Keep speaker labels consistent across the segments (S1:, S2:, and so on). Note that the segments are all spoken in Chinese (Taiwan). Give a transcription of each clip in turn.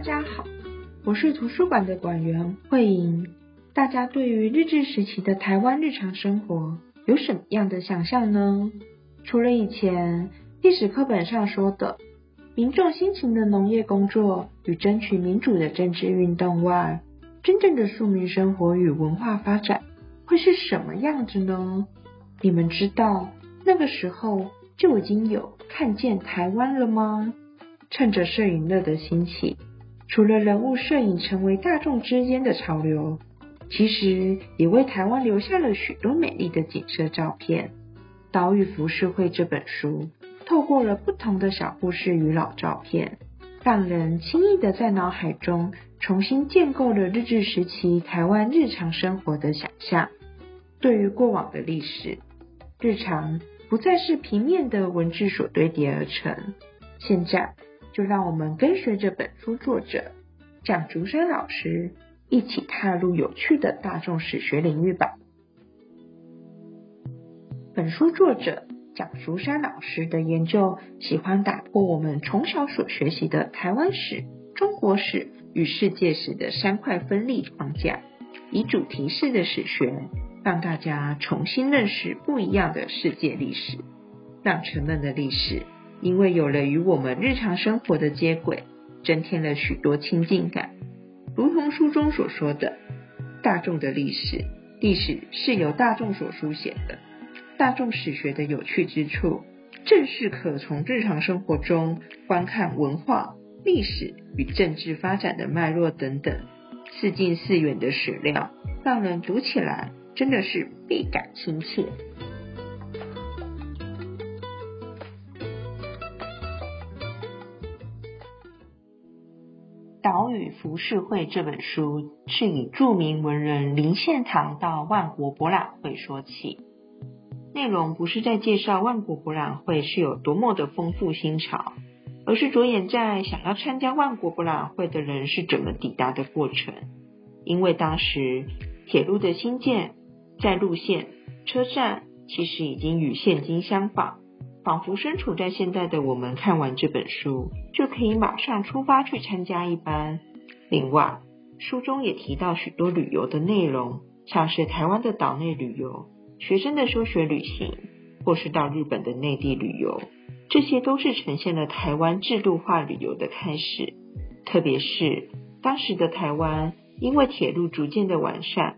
S1: 大家好，我是圖書館的館員慧瑩。大家對於日治時期的台灣日常生活有什麼樣的想象呢？除了以前歷史課本上說的，民眾辛勤的農業工作與爭取民主的政治運動外，真正的庶民生活與文化發展會是什麼樣子呢？你們知道那個時候就已經有看見台灣了嗎？趁着攝影熱的興起。除了人物攝影成為大眾之間的潮流，其實也為台灣留下了許多美麗的景色照片。《島嶼浮世繪》這本書，透過了不同的小故事與老照片，讓人輕易地在腦海中重新建構了日治時期台灣日常生活的想象。對於過往的歷史，日常不再是平面的文字所堆疊而成。現在，就讓我們跟隨着本書作者蔣竹山老師，一起踏入有趣的大眾史學領域吧。本書作者蔣竹山老師的研究，喜歡打破我們從小所學習的台灣史、中國史與世界史的三塊分立框架，以主題式的史學，讓大家重新認識不一樣的世界歷史，讓沉悶的歷史，因為有了與我們日常生活的接軌，增添了許多親近感。如同書中所說的，大眾的歷史，歷史是由大眾所書寫的。大眾史學的有趣之處，正是可從日常生活中觀看文化、歷史與政治發展的脈絡等等，似近似遠的史料，讓人讀起來真的是倍感親切。《島嶼浮世繪》這本書是以著名文人林獻堂到萬國博覽會說起，內容不是在介紹萬國博覽會是有多麼的豐富新潮，而是着眼在想要參加萬國博覽會的人是怎麼抵達的過程。因為當時鐵路的興建，在路線、車站其實已經與現今相仿。仿佛身處在現在的我們，看完這本書就可以馬上出發去參加一般。另外，書中也提到許多旅遊的內容，像是台灣的島內旅遊、學生的修學旅行，或是到日本的內地旅遊，這些都是呈現了台灣制度化旅遊的開始。特別是當時的台灣，因為鐵路逐漸的完善，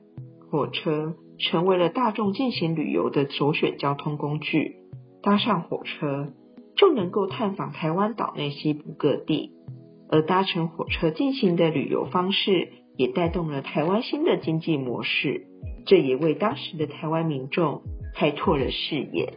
S1: 火車成為了大眾進行旅遊的首選交通工具。搭上火車就能夠探訪台灣島內西部各地，而搭乘火車進行的旅遊方式也帶動了台灣新的經濟模式，這也為當時的台灣民眾開拓了視野。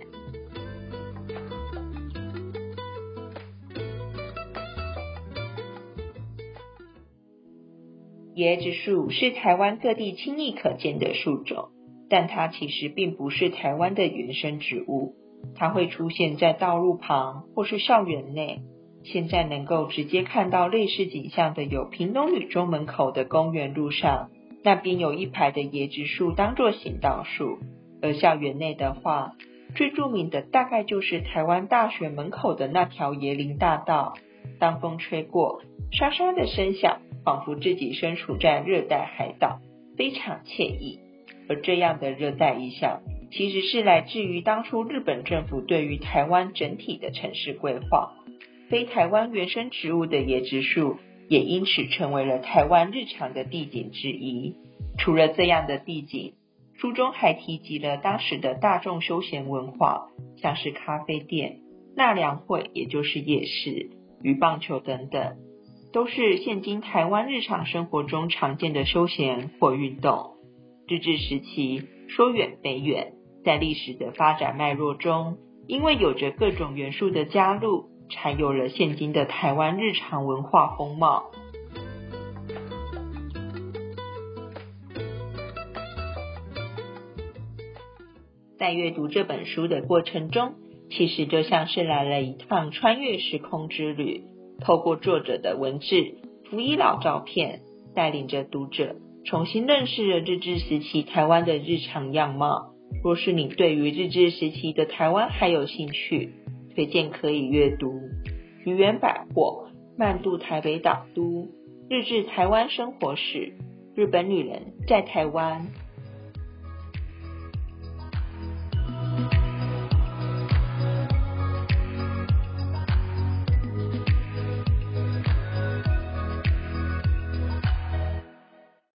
S1: 椰子樹是台灣各地輕易可見的樹種，但它其實並不是台灣的原生植物。它會出現在道路旁或是校園內。現在能夠直接看到類似景象的，有屏東女中門口的公園路上，那邊有一排的椰子樹當做行道樹；而校園內的話，最著名的大概就是台灣大學門口的那條椰林大道。當風吹過，沙沙的聲響，仿佛自己身處在熱帶海島，非常愜意。而這樣的熱帶意象。其實是來自於當初日本政府對於台灣整體的城市規劃，非台灣原生植物的椰子樹也因此成為了台灣日常的地景之一。除了這樣的地景，書中還提及了當時的大眾休閒文化，像是咖啡店、納涼會，也就是夜市、與棒球等等，都是現今台灣日常生活中常見的休閒或運動。日治時期說遠非遠。在歷史的發展脈絡中，因為有着各種元素的加入，才有了現今的台灣日常文化風貌。在閱讀這本書的過程中，其實就像是來了一趟穿越時空之旅。透過作者的文字、輔以老照片，帶領着讀者重新認識了日治時期台灣的日常樣貌。若是你對於日治時期的台灣還有興趣，推薦可以閱讀《菊元百貨》《漫步台北島都》《日治台灣生活史》《日本女人在台灣》。